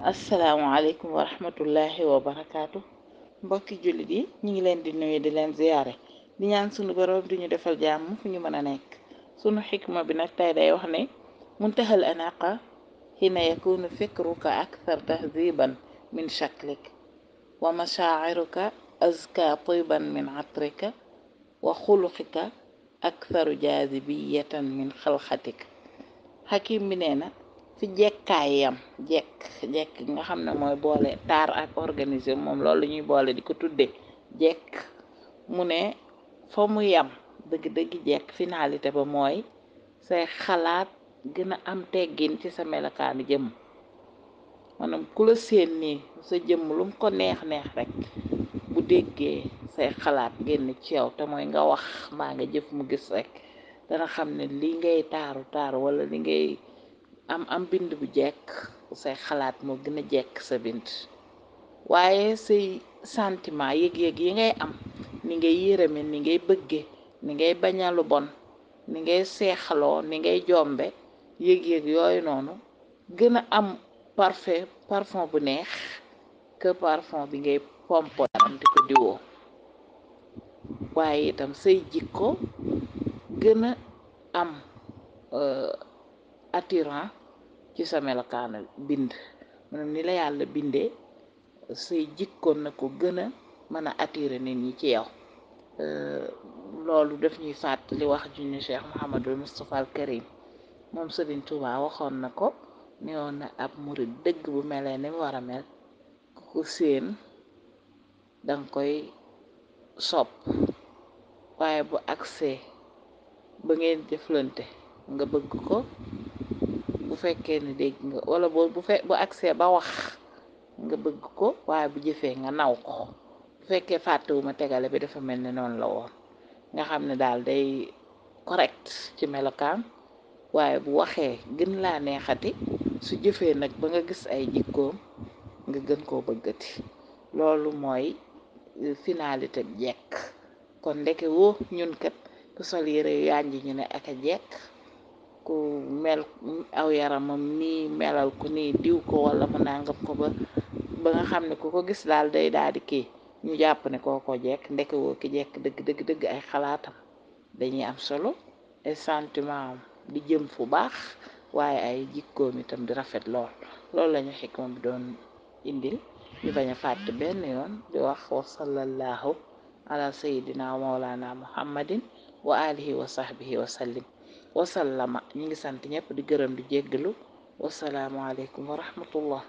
asalaamualeykum wa rahmatullahi wa barakaatu mbokki jullit yi ñu ngi leen di nuyu di leen ziyaare di ñaan sunu borom di ñu defal jàmm fu ñu mën a nekk sunu xikma bi nag tey day wax ne muntahal anaqa hina yakunu fikruka akthar tahziban min shaklik wa mashaaciruka azka tiban min atrika wa xuluqika aktharu jaazibiyatan min xalxatik xakim bi nee na fi jekkaay yam jekk jekk nga xam ne mooy boole taar ak organiser moom loolu ñuy boole di ko tuddee jekk mu ne fa mu yam dëgg-dëgg jekk finalité ba mooy say xalaat gën a am teggin ci sa melokaanu jëmm maanaam ku la séen nii sa jëmm lu mu ko neex-neex rek bu déggee say xalaat génn ci yow te mooy nga wax maa nga jëf mu gis rek dana xam ne li ngay taaru taaru walla li ngay am am bind bu jekk say xalaat moo gën a jekk sa bind waaye say sentiment yëg-yëg yi ngay am ni ngay yërëme ni ngay bëgge ni ngay bañalu bon ni ngay seexaloo ni ngay jombe yëg-yëg yooyu noonu gën a am parfait parfum bu neex que parfum bi ngay pompo yaram di ko diwoo waaye itam say jikko gën a am euh, attirant ci sa melokaana bind maanaam yàlla bindee say jikkoon na ko gën a mën a attiré nit ñi ci yow euh, loolu daf ñuy fàttali wax ju ñu Cheikh Mouhamadul Moustapha Karim moom Serigne Touba waxoon na ko ne na ab murit dëgg bu melee ni mu war a mel ku ko séen danga koy sopp waaye bu agsee ba ngeen jëflante nga bëgg ko fekkee ne dégg nga wala boo bu fe bu accès ba wax nga bëgg ko waaye bu jëfee nga naw ko bu fekkee fàttewuma tegale bi dafa mel ni noonu la woon nga xam ne daal day correct ci melokaan waaye bu waxee gën laa neexati su jëfee nag ba nga gis ay jikkoom nga gën koo bëggati loolu mooy euh, finalité bi jekk kon ndeke woo ñun kat sol yére yu ñu ne ak a jekk ku mel aw yaramam ni melal ku nii diw ko wala mu nangam ko ba ba nga xam ne ku ko gis daal day daal di kii ñu jàpp ne kookoo jekk ndeke woo ki jekk dëgg dëgg ay xalaatam dañuy am solo ay sentiment am di jëm fu baax waaye ay jikkoom itam di rafet lool loolu lañu xikma bi doon indil ñu bañ a fàtte benn yoon di wax wa sallallahu ala sayidina wa maulana muhammadin wa alihi wa sahbihi wa sallim wasallama ñu ngi sant ñëpp di gërëm di jéggalu wasalaamualeykum wa rahmatullah